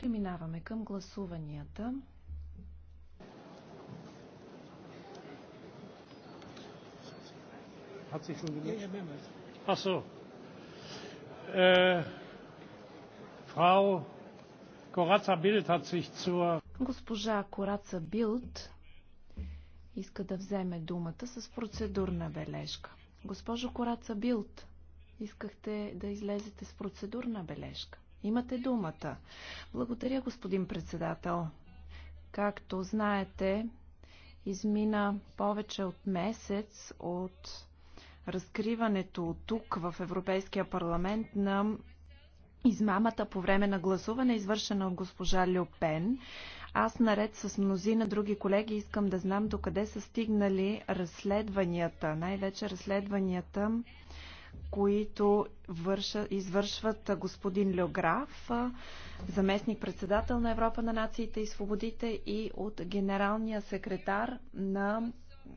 Преминаваме към гласуванията. Hat sich schon gelöscht? Ach so. Äh, Frau Corazza Bild hat sich zur... Госпожа Кораца Билд иска да вземе думата с процедурна бележка. Госпожо Кораца Билд, Искахте да излезете с процедурна бележка. Имате думата. Благодаря, господин председател. Както знаете, измина повече от месец от разкриването тук в Европейския парламент на измамата по време на гласуване, извършена от госпожа Люпен. Аз наред с мнозина други колеги искам да знам докъде са стигнали разследванията, най-вече разследванията които върша, извършват господин Леограф, заместник-председател на Европа на нациите и свободите и от генералния секретар на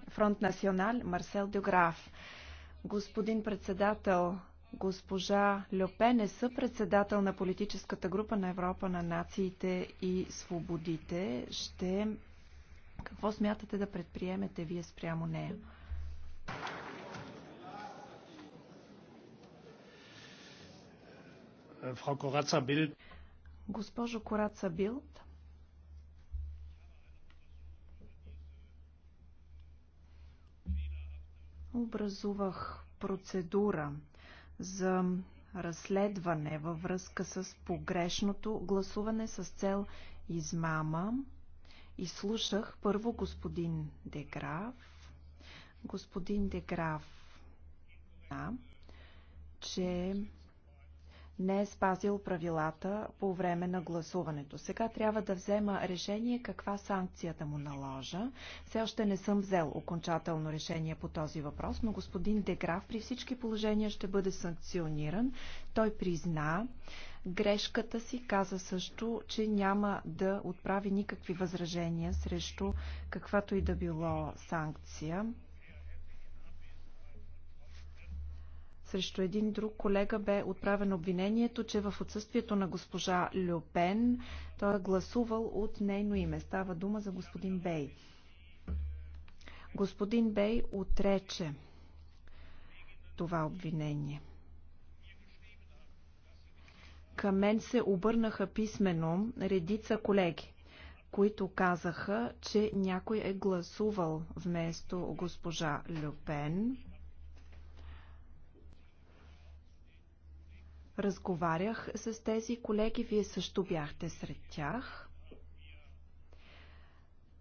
Фронт Национал Марсел Деграф. Господин председател, госпожа Льопен е съпредседател на политическата група на Европа на нациите и свободите. Ще... Какво смятате да предприемете вие спрямо нея? Frau Corazza Bild. Госпожо Кораца Билд, образувах процедура за разследване във връзка с погрешното гласуване с цел измама и слушах първо господин Деграф. Господин Деграф, да, че не е спазил правилата по време на гласуването. Сега трябва да взема решение каква санкция да му наложа. Все още не съм взел окончателно решение по този въпрос, но господин Деграф при всички положения ще бъде санкциониран. Той призна грешката си, каза също, че няма да отправи никакви възражения срещу каквато и да било санкция. Срещу един друг колега бе отправено обвинението, че в отсъствието на госпожа Люпен той е гласувал от нейно име. Става дума за господин Бей. Господин Бей отрече това обвинение. Към мен се обърнаха писменно редица колеги, които казаха, че някой е гласувал вместо госпожа Люпен. Разговарях с тези колеги, вие също бяхте сред тях.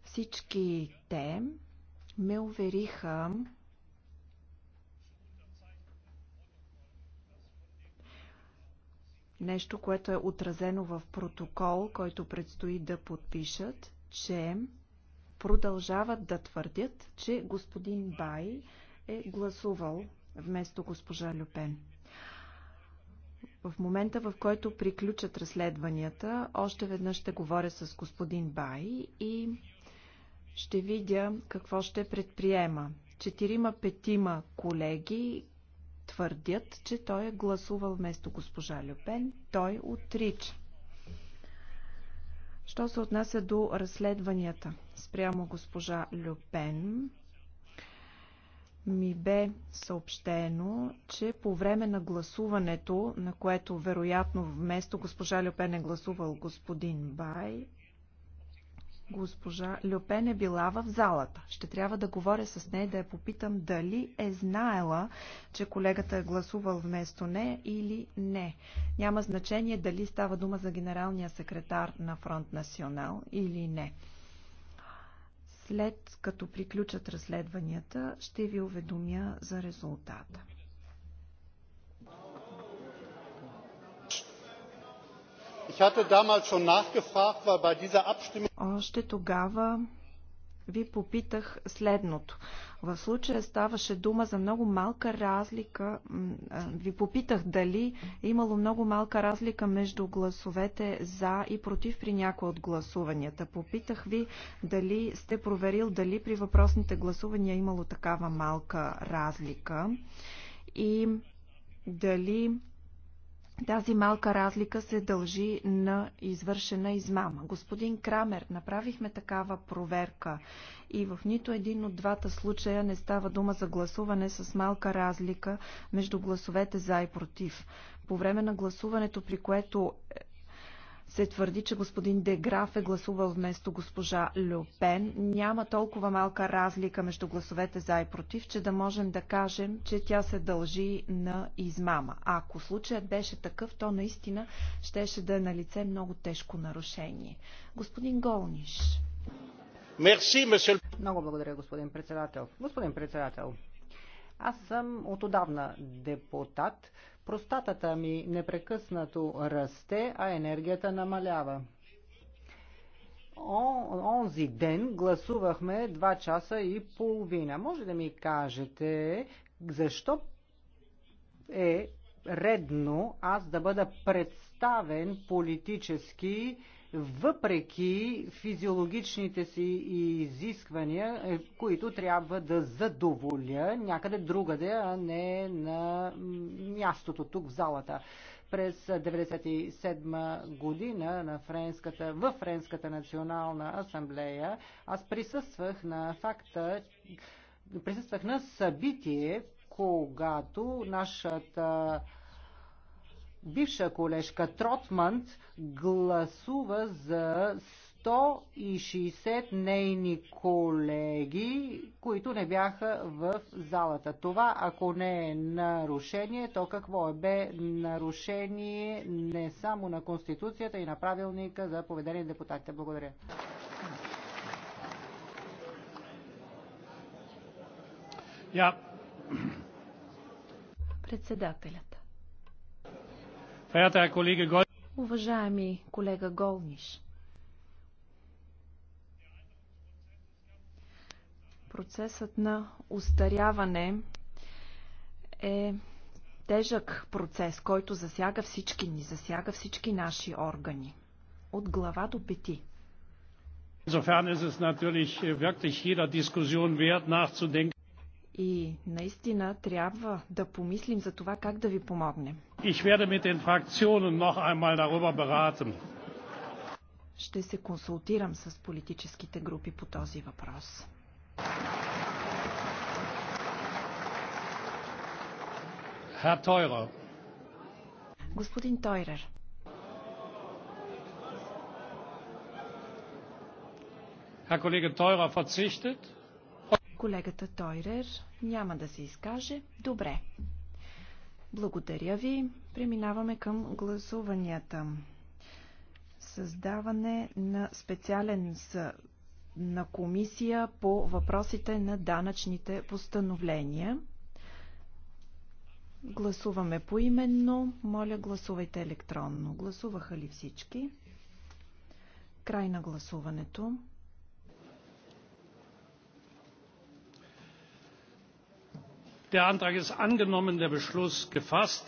Всички те ме увериха, нещо, което е отразено в протокол, който предстои да подпишат, че продължават да твърдят, че господин Бай е гласувал вместо госпожа Люпен. В момента, в който приключат разследванията, още веднъж ще говоря с господин Бай и ще видя какво ще предприема. Четирима-петима колеги твърдят, че той е гласувал вместо госпожа Люпен. Той отрича. Що се отнася до разследванията спрямо госпожа Люпен, ми бе съобщено, че по време на гласуването, на което вероятно вместо госпожа Люпен е гласувал господин Бай, госпожа Люпен е била в залата. Ще трябва да говоря с нея да я попитам дали е знаела, че колегата е гласувал вместо не или не. Няма значение дали става дума за генералния секретар на Фронт Национал или не. След като приключат разследванията, ще ви уведомя за резултата. Още тогава ви попитах следното. В случая ставаше дума за много малка разлика. Ви попитах дали е имало много малка разлика между гласовете за и против при някои от гласуванията. Попитах ви дали сте проверил дали при въпросните гласувания е имало такава малка разлика и дали тази малка разлика се дължи на извършена измама. Господин Крамер, направихме такава проверка и в нито един от двата случая не става дума за гласуване с малка разлика между гласовете за и против. По време на гласуването, при което се твърди, че господин Деграф е гласувал вместо госпожа Люпен. Няма толкова малка разлика между гласовете за и против, че да можем да кажем, че тя се дължи на измама. А ако случаят беше такъв, то наистина щеше да е на лице много тежко нарушение. Господин Голниш. monsieur... Много благодаря, господин председател. Господин председател, аз съм от отдавна депутат. Простатата ми непрекъснато расте, а енергията намалява. онзи ден гласувахме 2 часа и половина. Може да ми кажете защо е редно аз да бъда представен политически въпреки физиологичните си изисквания, е, които трябва да задоволя някъде другаде, а не на мястото тук в залата. През 1997 година на френската, във Френската национална асамблея аз присъствах на факта, присъствах на събитие, когато нашата бивша колежка Тротманд гласува за 160 нейни колеги, които не бяха в залата. Това, ако не е нарушение, то какво е? Бе нарушение не само на Конституцията и на правилника за поведение на депутатите. Благодаря. Yeah. Председателят. Уважаеми колега Голниш, процесът на устаряване е тежък процес, който засяга всички ни, засяга всички наши органи. От глава до пети. Insofern ist es natürlich äh, wirklich jeder Diskussion wert, nachzudenken. И наистина трябва да помислим за това как да ви помогнем. Ich werde mit den Fraktionen noch einmal darüber beraten. Ще се консултирам с политическите групи по този въпрос. Herr Teurer. Господин Тойрер. Herr Kollege Teurer verzichtet. Колегата Тойрер няма да се изкаже. Добре. Благодаря ви. Преминаваме към гласуванията. Създаване на специален на комисия по въпросите на данъчните постановления. Гласуваме поименно. Моля, гласувайте електронно. Гласуваха ли всички? Край на гласуването. Der Antrag ist angenommen, der Beschluss gefasst.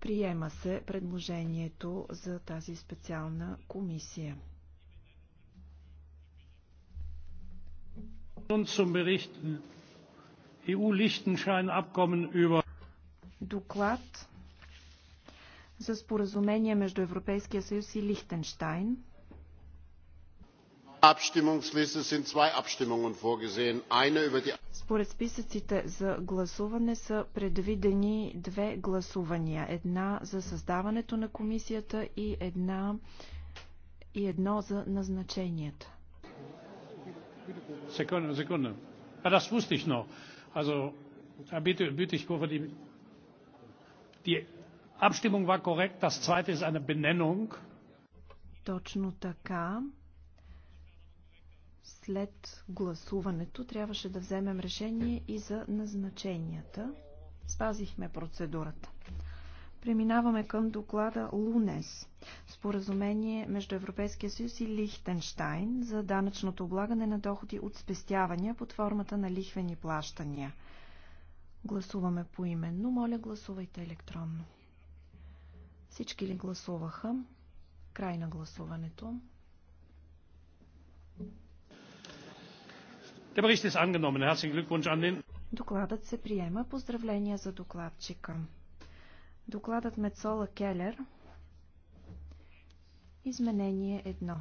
Приема се предложението за тази специална комисия. Nun zum Bericht EU-Liechtenstein-Abkommen über Доклад за споразумение между Европейския съюз и Лихтенштайн според списъците за гласуване са предвидени две гласувания. Една за създаването на комисията и, една, и едно за назначенията. Секунда, секунда. А да спустиш, но. Азо, Also, Herr Bütikofer, die, die Abstimmung Точно така. След гласуването трябваше да вземем решение и за назначенията. Спазихме процедурата. Преминаваме към доклада Лунес. Споразумение между Европейския съюз и Лихтенштайн за данъчното облагане на доходи от спестявания под формата на лихвени плащания. Гласуваме поименно. Моля, гласувайте електронно. Всички ли гласуваха? Край на гласуването. Докладът се приема. Поздравления за докладчика. Докладът Мецола Келер. Изменение едно.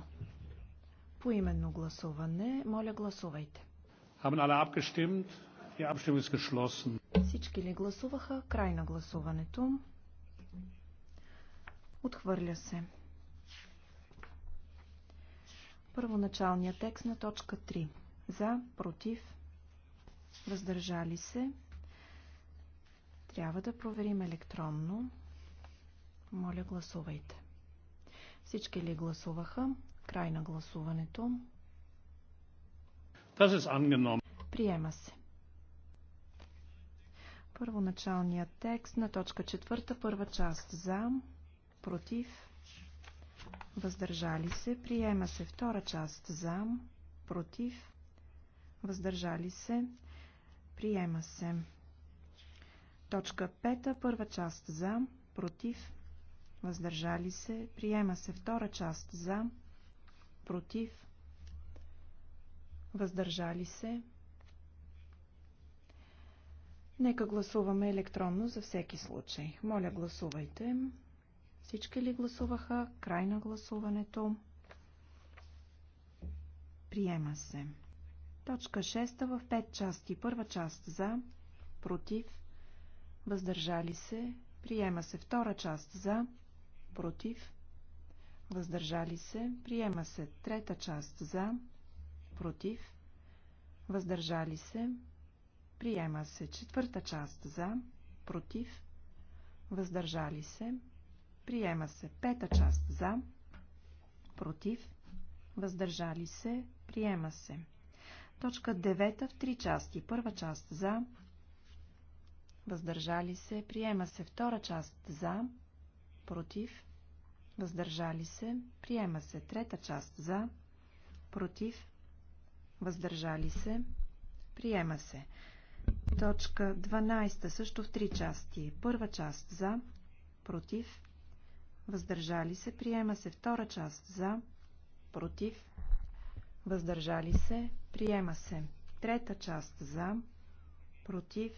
Поименно гласуване. Моля, гласувайте. Всички ли гласуваха? Край на гласуването. Отхвърля се. Първоначалният текст на точка 3. За, против, въздържали се. Трябва да проверим електронно. Моля, гласувайте. Всички ли гласуваха? Край на гласуването. Приема се. Първоначалният текст на точка четвърта, първа част за, против, въздържали се. Приема се втора част за, против, въздържали се, приема се. Точка 5, първа част за, против, въздържали се, приема се втора част за, против, въздържали се. Нека гласуваме електронно за всеки случай. Моля, гласувайте. Всички ли гласуваха? Край на гласуването. Приема се. Точка 6 в 5 части. Първа част за, против, въздържали се, приема се. Втора част за, против, въздържали се, приема се. Трета част за, против, въздържали се, приема се. Четвърта част за, против, въздържали се, приема се. Пета част за, против, въздържали се, приема се. Точка 9 в три части. Първа част за, въздържали се, приема се. Втора част за, против, въздържали се, приема се. Трета част за, против, въздържали се, приема се. Точка 12 също в три части. Първа част за, против, въздържали се, приема се. Втора част за, против, въздържали се, приема се. Трета част за, против,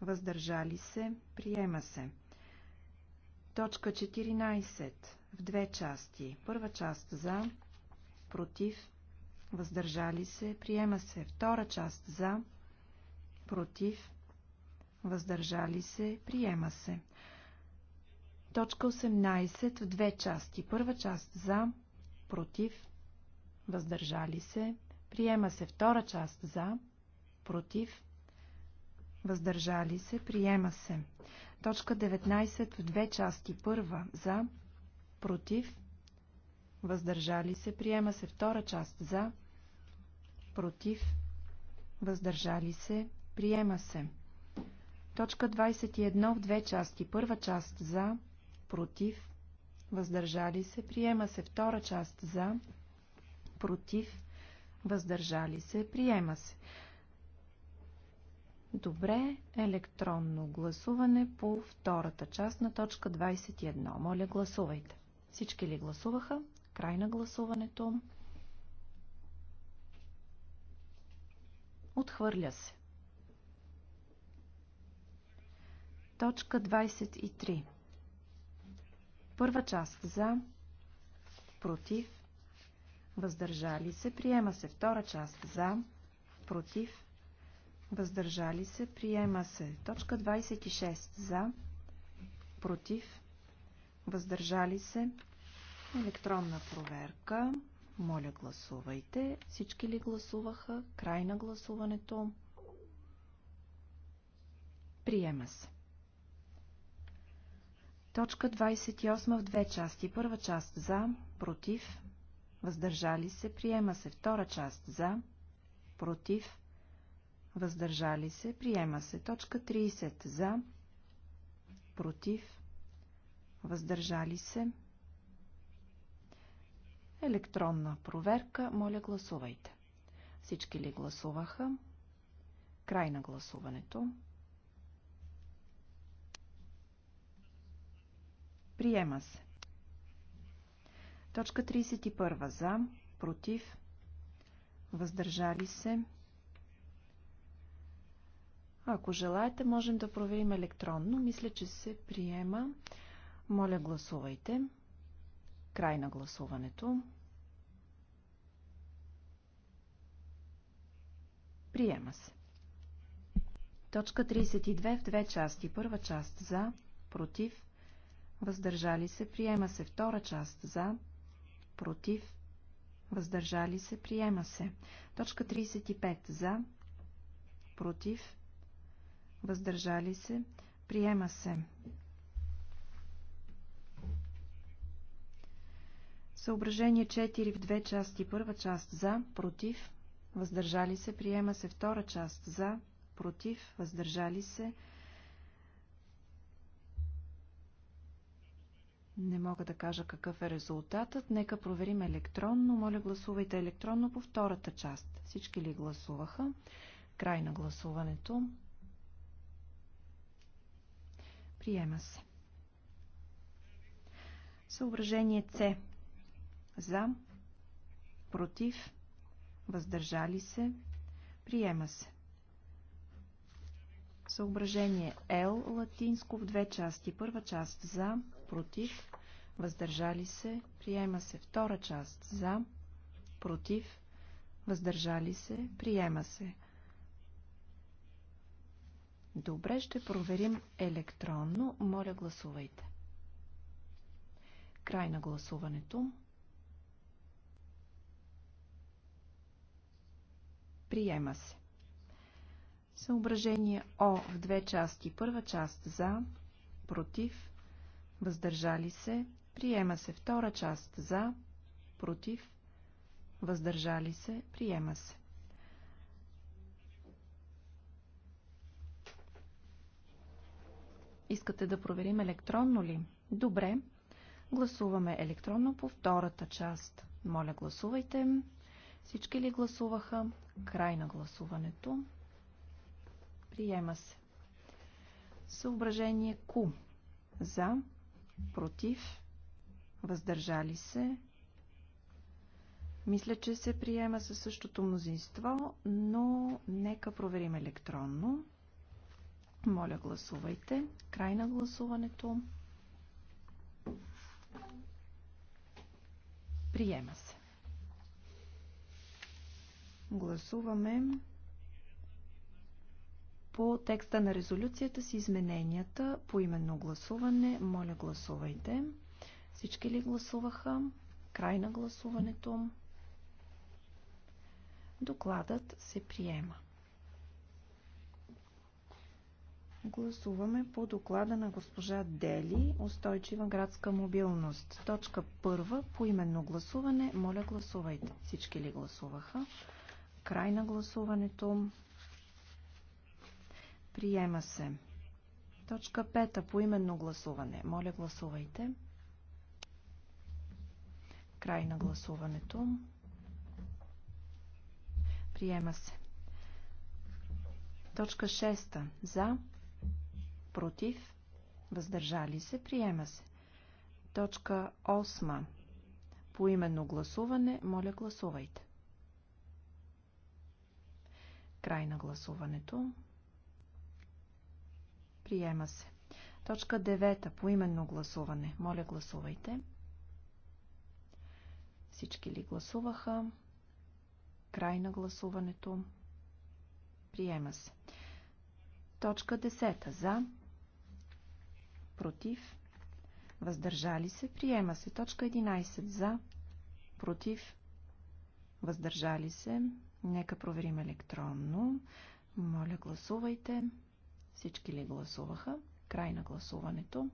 въздържали се, приема се. Точка 14 в две части. Първа част за, против, въздържали се, приема се. Втора част за, против, въздържали се, приема се. Точка 18 в две части. Първа част за, против, въздържали се, приема се втора част за, против, въздържали се, приема се. Точка 19 в две части. Първа за, против, въздържали се, приема се втора част за, против, въздържали се, приема се. Точка 21 в две части. Първа част за, против, въздържали се, приема се втора част за, против, въздържали се, приема се. Добре, електронно гласуване по втората част на точка 21. Моля, гласувайте. Всички ли гласуваха? Край на гласуването. Отхвърля се. Точка 23. Първа част за, против, въздържали се, приема се. Втора част за, против, въздържали се, приема се. Точка 26 за, против, въздържали се, електронна проверка. Моля, гласувайте. Всички ли гласуваха? Край на гласуването. Приема се. Точка 28 в две части. Първа част за, против, въздържали се, приема се. Втора част за, против, въздържали се, приема се. Точка 30 за, против, въздържали се. Електронна проверка, моля гласувайте. Всички ли гласуваха? Край на гласуването. Приема се. Точка 31. За, против, въздържали се. Ако желаете, можем да проверим електронно. Мисля, че се приема. Моля, гласувайте. Край на гласуването. Приема се. Точка 32 в две части. Първа част за, против, въздържали се. Приема се втора част за, против, въздържали се, приема се. Точка 35 за, против, въздържали се, приема се. Съображение 4 в две части. Първа част за, против, въздържали се, приема се. Втора част за, против, въздържали се, приема се Не мога да кажа какъв е резултатът. Нека проверим електронно. Моля, гласувайте електронно по втората част. Всички ли гласуваха? Край на гласуването. Приема се. Съображение С. За. Против. Въздържали се. Приема се. Съображение Л латинско в две части. Първа част за против, въздържали се, приема се. Втора част за, против, въздържали се, приема се. Добре, ще проверим електронно. Моля, гласувайте. Край на гласуването. Приема се. Съображение О в две части. Първа част за, против, въздържали се, приема се втора част за, против, въздържали се, приема се. Искате да проверим електронно ли? Добре. Гласуваме електронно по втората част. Моля, гласувайте. Всички ли гласуваха? Край на гласуването. Приема се. Съображение Q. За против, въздържали се. Мисля, че се приема със същото мнозинство, но нека проверим електронно. Моля, гласувайте. Край на гласуването. Приема се. Гласуваме по текста на резолюцията с измененията по именно гласуване. Моля, гласувайте. Всички ли гласуваха? Край на гласуването. Докладът се приема. Гласуваме по доклада на госпожа Дели Устойчива градска мобилност. Точка първа по именно гласуване. Моля гласувайте. Всички ли гласуваха? Край на гласуването. Приема се. Точка 5. Поименно гласуване. Моля, гласувайте. Край на гласуването. Приема се. Точка 6. За. Против. Въздържали се. Приема се. Точка 8. Поименно гласуване. Моля, гласувайте. Край на гласуването. Приема се. Точка 9. Поименно гласуване. Моля, гласувайте. Всички ли гласуваха? Край на гласуването. Приема се. Точка 10. За. Против. Въздържали се. Приема се. Точка 11. За. Против. Въздържали се. Нека проверим електронно. Моля, гласувайте. Гласувайте. Всички ли гласуваха? Край на гласуването.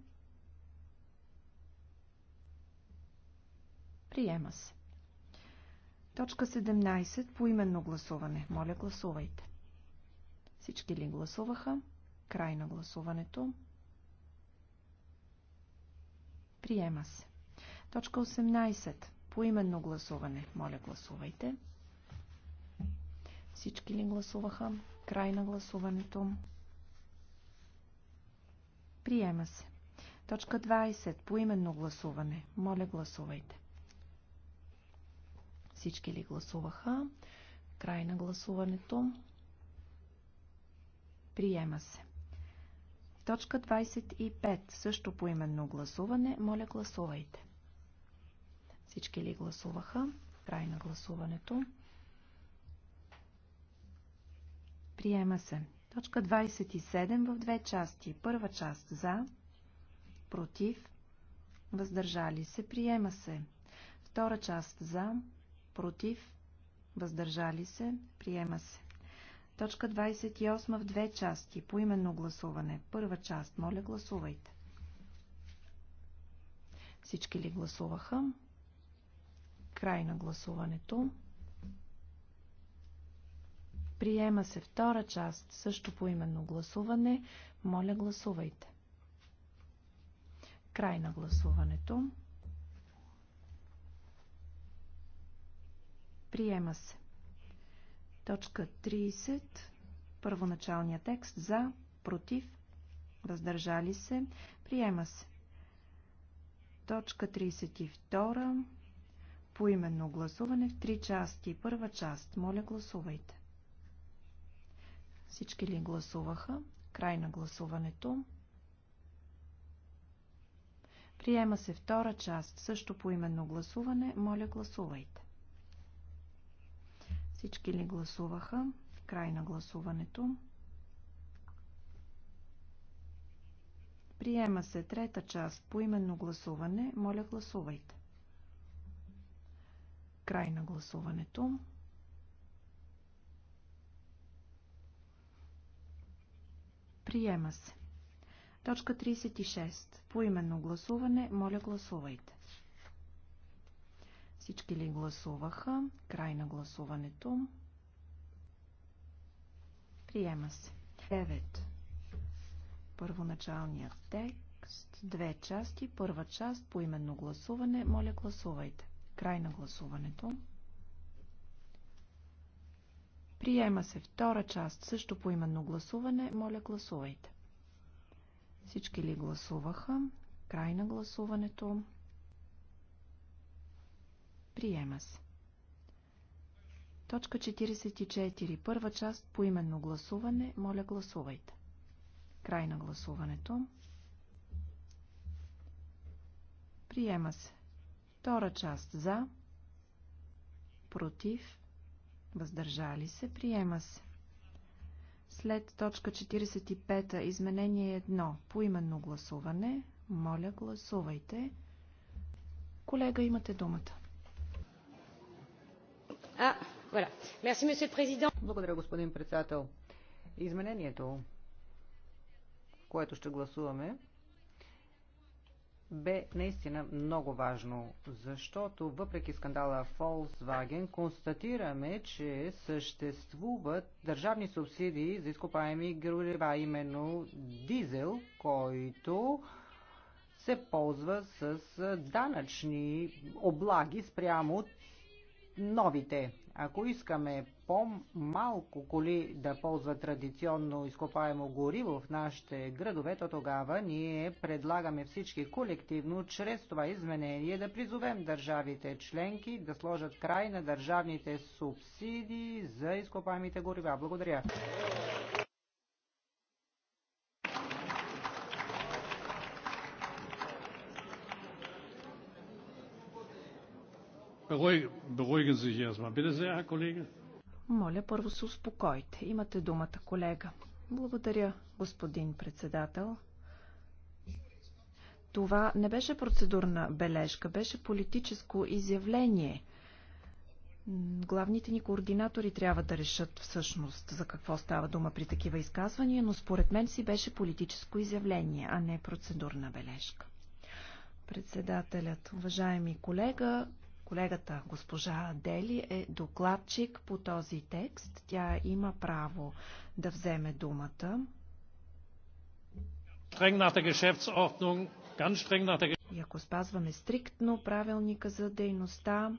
Приема се. Точка 17. по именно гласуване. Моля, гласувайте. Всички ли гласуваха? Край на гласуването. Приема се. Точка 18. по именно гласуване. Моля, гласувайте. Всички ли гласуваха? Край на гласуването. Приема се. Точка 20. Поименно гласуване. Моля, гласувайте. Всички ли гласуваха? Край на гласуването. Приема се. Точка 25. Също поименно гласуване. Моля, гласувайте. Всички ли гласуваха? Край на гласуването. Приема се. Точка 27 в две части. Първа част за, против, въздържали се, приема се. Втора част за, против, въздържали се, приема се. Точка 28 в две части. По именно гласуване. Първа част. Моля, гласувайте. Всички ли гласуваха? Край на гласуването. Приема се втора част, също по именно гласуване. Моля, гласувайте. Край на гласуването. Приема се. Точка 30. Първоначалния текст за, против, въздържали се. Приема се. Точка 32. Поименно гласуване в три части. Първа част. Моля, гласувайте. Всички ли гласуваха? Край на гласуването. Приема се втора част, също по именно гласуване. Моля, гласувайте. Всички ли гласуваха? Край на гласуването. Приема се трета част по именно гласуване. Моля, гласувайте. Край на гласуването. Приема се. Точка 36. По именно гласуване. Моля гласувайте. Всички ли гласуваха? Край на гласуването. Приема се. 9. Първоначалният текст. Две части. Първа част по именно гласуване. Моля гласувайте. Край на гласуването. Приема се втора част, също по именно гласуване. Моля, гласувайте. Всички ли гласуваха? Край на гласуването. Приема се. Точка 44. Първа част по именно гласуване. Моля, гласувайте. Край на гласуването. Приема се. Втора част за. Против въздържали се, приема се. След точка 45, изменение 1, по именно гласуване, моля гласувайте. Колега, имате думата. А, voilà. Merci, président. Благодаря, господин председател. Изменението, което ще гласуваме, бе наистина много важно, защото въпреки скандала Volkswagen констатираме, че съществуват държавни субсидии за изкопаеми горива, именно дизел, който се ползва с данъчни облаги спрямо новите. Ако искаме по-малко коли да ползват традиционно изкопаемо гориво в нашите градове, то тогава ние предлагаме всички колективно, чрез това изменение, да призовем държавите членки да сложат край на държавните субсидии за изкопаемите горива. Благодаря. Beruhigen Sie sich erstmal. Bitte sehr, Herr Kollege. Моля, първо се успокойте. Имате думата, колега. Благодаря, господин председател. Това не беше процедурна бележка, беше политическо изявление. Главните ни координатори трябва да решат всъщност за какво става дума при такива изказвания, но според мен си беше политическо изявление, а не процедурна бележка. Председателят, уважаеми колега, Колегата госпожа Дели е докладчик по този текст. Тя има право да вземе думата. И ако спазваме стриктно правилника за дейността,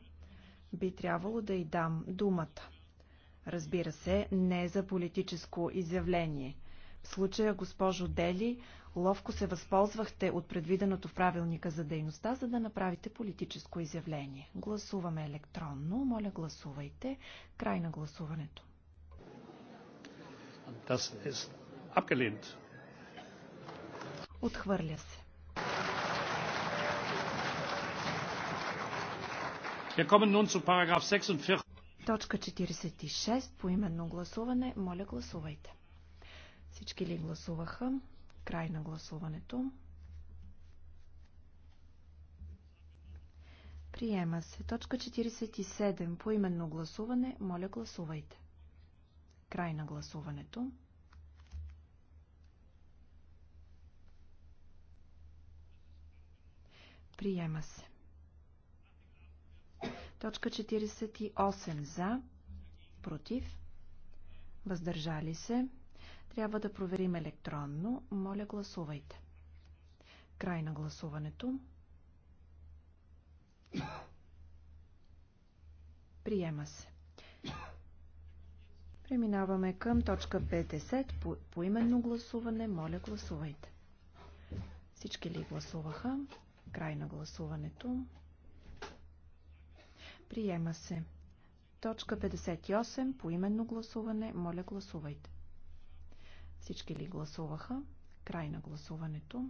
би трябвало да й дам думата. Разбира се, не за политическо изявление. В случая, госпожо Дели, ловко се възползвахте от предвиденото в правилника за дейността, за да направите политическо изявление. Гласуваме електронно. Моля, гласувайте. Край на гласуването. Отхвърля се. Точка 46. По именно гласуване. Моля, гласувайте. Всички ли гласуваха? Край на гласуването. Приема се. Точка 47. По именно гласуване. Моля гласувайте. Край на гласуването. Приема се. Точка 48. За. Против. Въздържали се. Трябва да проверим електронно. Моля, гласувайте. Край на гласуването. Приема се. Преминаваме към точка 50 по, по именно гласуване. Моля, гласувайте. Всички ли гласуваха? Край на гласуването. Приема се. Точка 58 по именно гласуване. Моля, гласувайте. Всички ли гласуваха? Край на гласуването.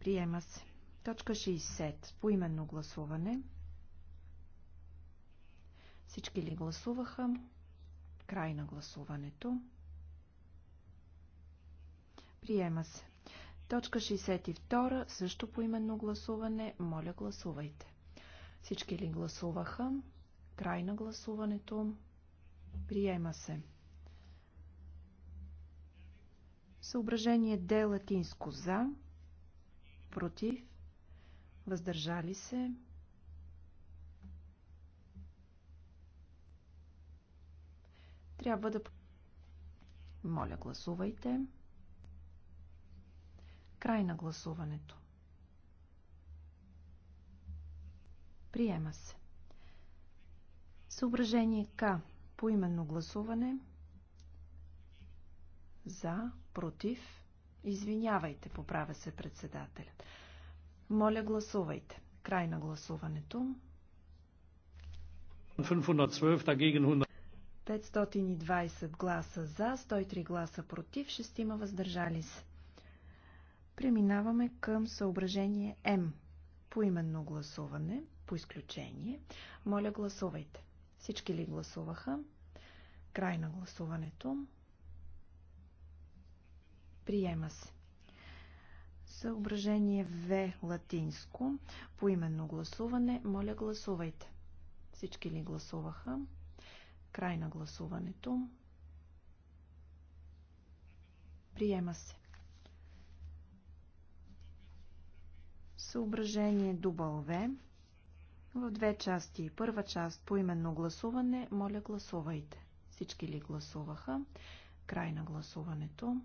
Приема се. Точка 60. Поименно гласуване. Всички ли гласуваха? Край на гласуването. Приема се. Точка 62. Също поименно гласуване. Моля гласувайте. Всички ли гласуваха? Край на гласуването. Приема се. Съображение Д латинско за, против, въздържали се. Трябва да... Моля, гласувайте. Край на гласуването. Приема се. Съображение К. Поименно гласуване. За. Против? Извинявайте, поправя се председателя. Моля, гласувайте. Край на гласуването. 520 гласа за, 103 гласа против, 6 има въздържали се. Преминаваме към съображение М. Поименно гласуване, по изключение. Моля гласувайте. Всички ли гласуваха? Край на гласуването. Приема се. Съображение В латинско. По именно гласуване. Моля гласувайте. Всички ли гласуваха? Край на гласуването. Приема се. Съображение В. в две части. Първа част по именно гласуване. Моля гласувайте. Всички ли гласуваха? Край на гласуването.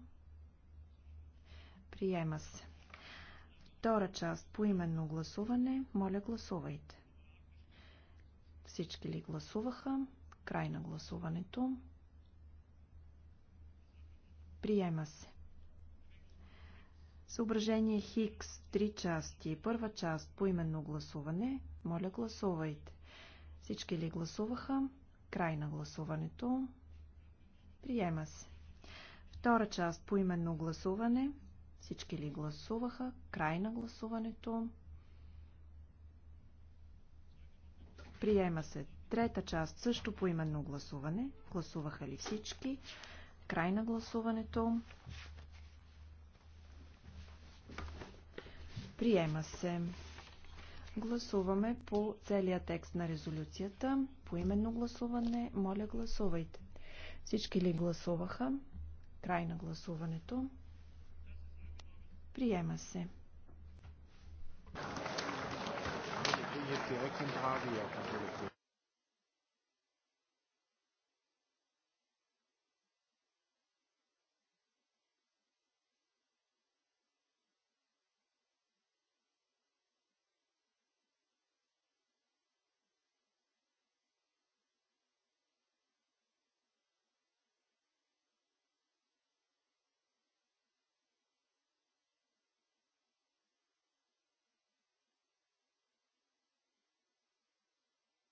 Приема се. Втора част по именно гласуване. Моля, гласувайте. Всички ли гласуваха? Край на гласуването. Приема се. Съображение Хикс. Три части. Първа част по именно гласуване. Моля, гласувайте. Всички ли гласуваха? Край на гласуването. Приема се. Втора част по именно гласуване. Всички ли гласуваха? Край на гласуването. Приема се трета част също по именно гласуване. Гласуваха ли всички? Край на гласуването. Приема се. Гласуваме по целия текст на резолюцията. По именно гласуване, моля гласувайте. Всички ли гласуваха? Край на гласуването. Приема се.